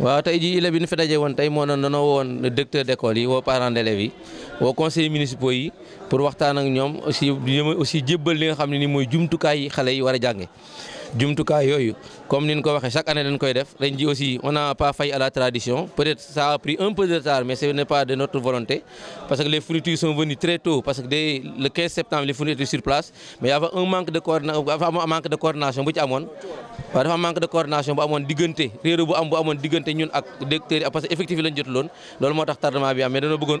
waaw tey jii ila bi ñu fi daje woon tey moo doon danoo woon directeur d'école yi woo parents d'élèves yi woo conseillers municipaux yi pour waxtaan ak ñoom aussi aussi jébbal li nga xam ne nii mooy jumtukaay yi xale yi war a jànge jumtukaay yooyu comme ni ko waxee chaque année dañ koy def ren aussi on pas failli à la tradition peut-être ça a un peu de retard mais ce n'est pas de notre volonté parce que le 15 septembre les fournitures sur place mais y un manque de coordination bu ci amoon waaw dafa manque de coordination bu amoon diggante réeru bu am bu amoon diggante ñun ak directeurs yi parce que effectif yi lañ jot loon loolu moo tax tardement bi am mais dañoo bëggoon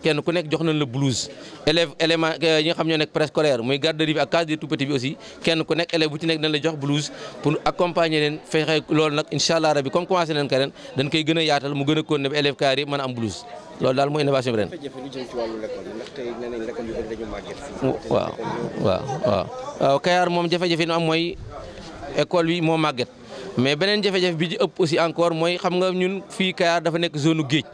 kenn ku nekk jox nañ la blouse élève élément euh, yi xam ñoo nekk préscolaire muy garderie bi ak case des tout bi aussi kenn ku nekk élève bu ci nekk dañ la jox blouse pour accompagner leen fexe loolu nag incha allah rabi comme commencé nañ ko ren dañ koy gën a yaatal mu gën a continuer ba élève kaar yi mën a am blouse loolu daal mooy innovation bi ren. waaw waaw waaw waaw euh, Kayar moom jafe-jafe yi am mooy école bi moo màgget. mais beneen jafe-jafe bi ci ëpp aussi encore mooy xam nga ñun fii Kayar dafa nekk zone géej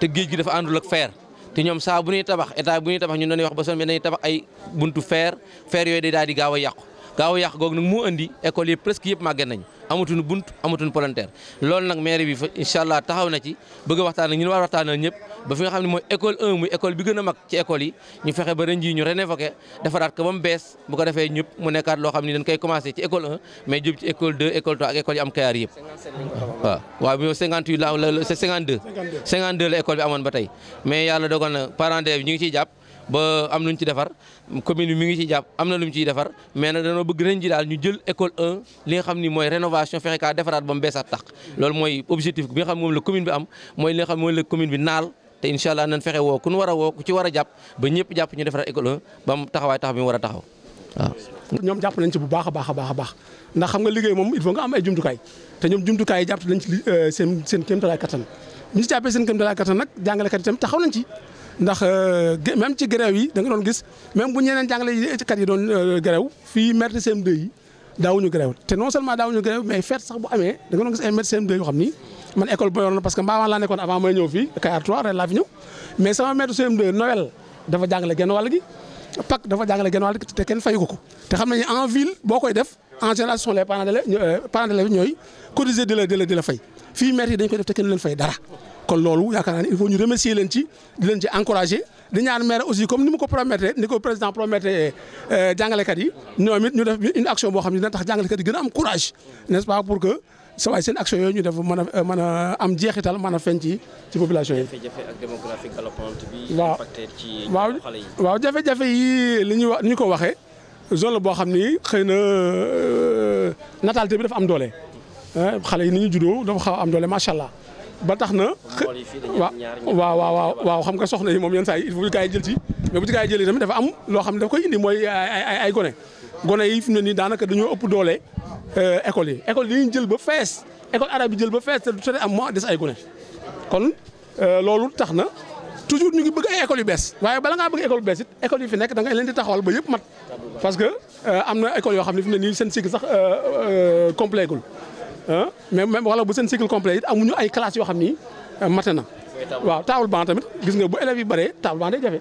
te géej gi dafa àndul ak fer te ñoom saa bu tabax état bu ñuy tabax ñu dañuy wax ba son bi dañuy tabax ay buntu fer fer yooyu day daal di gaaw a yàqu gaaw yàq googu nag moo indi école yi presque yëpp màgget nañ amatuñu bunt amatuñu volontaire loolu nag maire bi fa allah taxaw na ci bëgg waxtaan ak ñun war waxtaanal ñëpp ba fi nga xam ne mooy école 1 muy école bi gën a mag ci école yi ñu fexe ba ren jii ñu rénover defaraat ko ba mu bees bu ko defee ñëpp mu nekkaat loo xam ne dañ koy commencé ci école 1 mais jëm ci école 2 école 3 ak école yi am kayaar yëpp waaw waaw bi 58 la c'est ba am lu ci defar commune bi mi ngi ci jàpp am na lu mu ciy defar mais na dañoo bëgg ren ji daal ñu jël école 1 li nga xam ni mooy rénovation fexe kaa defaraat ba mu beesaat tax loolu mooy objectif bi nga xam moom la commune bi am mooy li nga bi naal te incha allah nañ fexe woo ku a woo ku ci a jàpp ba ñëpp jàpp ñu defaraat école 1 mu taxawaay tax war a taxaw ñoom jàpp nañ ci bu baax baax a baax a baax xam nga liggéey moom il faut nga am ay jumtukaay te ñoom jumtukaay yi jàpp nañ ci euh, seen seen kéemtalaay kattan ñu ci jàppee seen kéemtalaay kattan nag jàngalekat itam taxaw nañ ci ndax euh, même ci grève yi danga doon gis même bu ñeneen jàngale yi ci kat yi doon euh, grève fii maître CM2 yi daawuñu grève te non seulement daawuñu grève mais fête sax bu amee da nga doon gis ay maître parce que Mbawane laa nekkoon avant may ñëw fii Kayar 3 ren mais sama maître cm dafa jàngale genn wàll gi dafa jàngale genn wàll gi te kenn fayu ko ko te xam nañu en ville boo koy def en général ce sont les parents euh, ñooy cotiser di la di la fay fii maire yi dañ ko def te kenn leen fay dara kon loolu yaakaar naa ne il faut ñu remercier leen ci di leen ci encourager di ñaan maire aussi comme ni mu ko promettre ni ko président promettre euh, jàngalekat yi ñoom it ñu def une action boo xam ne dina tax jàngalekat yi am courage n'est-ce pas pour que sa waay seen action yooyu ñu def mën a euh, a am jeexital mën a feeñ ci ci yi. jafe-jafe ak démographie galopante bi. impacté ci xale jafe yi li ñu wax ni ñu ko waxee zone boo xam ni xëy na euh, natalité bi dafa am doole. xale yi ni ñu juddoo dafa xaw am doole macha allah ba tax na. waaw waaw waaw xam nga soxna yi moom yenn saa yi il faut que gaa yi jël ci mais bu ci gaa jëlee tamit dafa am loo xam ne dafa koy indi mooy ay ay gone fi nii daanaka dañoo ëpp doole euh, école yi école yi ñu jël ba fees école arabe yi jël ba fees te du soobee am moo des ay gone kon euh, loolu tax na toujours ñu ngi bëgg ay écoles yu bees waaye bala ngaa bëgg école yu école yi fi nekk da nga leen di taxawal ba yëpp mat parce que euh, am na école yoo xam ne fi mu ne nii seen cycle sax complet gul mais même wala bu seen cycle am it amuñu ay classes yoo xam ni euh, mate na. waaw table banc tamit gis nga bu élèves yi bëree table banc day jafe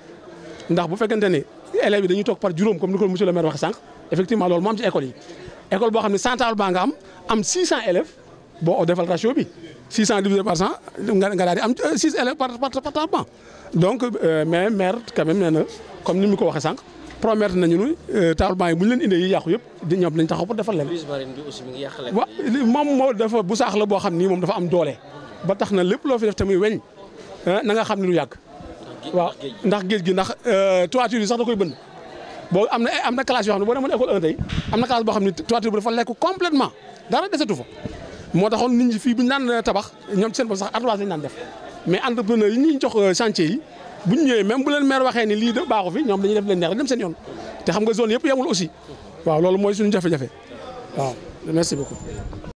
ndax bu fekkente ne élèves yi dañuy toog par juróom comme ni ko monsieur le maire waxee sànq effectivement loolu moo am ci école yi école boo xam ne 100 table banc nga am am 600 élèves boo defal ratio bi 600 divisé par 100 nga nga daal di am 6 euh, élèves par par par donc euh, mais maire quand même nee na comme ni mu ko waxee sànq. promettre nañu ni euh, taalement yi bu ñu leen indee yi yàqu yëpp di ñoom dañ taxaw pour defal leen. waaw moom moo dafa bu saax boo xam ni moom dafa am doole. ba tax na lépp loo fi def tamit weñ ah, na nga xam ne lu yàgg. waaw ndax géej gi ndax euh, toiture yi sax da koy bënn boo am na am na classe yoo xam ne boo demoon école 1 tey am na classe boo xam ne toiture bi dafa lekk complètement dara desatu fa. moo taxoon nit ñi fii bu ñu naan euh, tabax ñoom seen bopp sax ardoise lañ naan def mais entrepreneur yi ñuy jox chantier yi bu ñu ñëwee même bu leen maire waxee ni lii de baaxu fi ñoom dañuy def leen neex rek dem seen yoon te xam nga zone yëpp yemul aussi waaw loolu mooy suñu jafe-jafe waaw merci beaucoup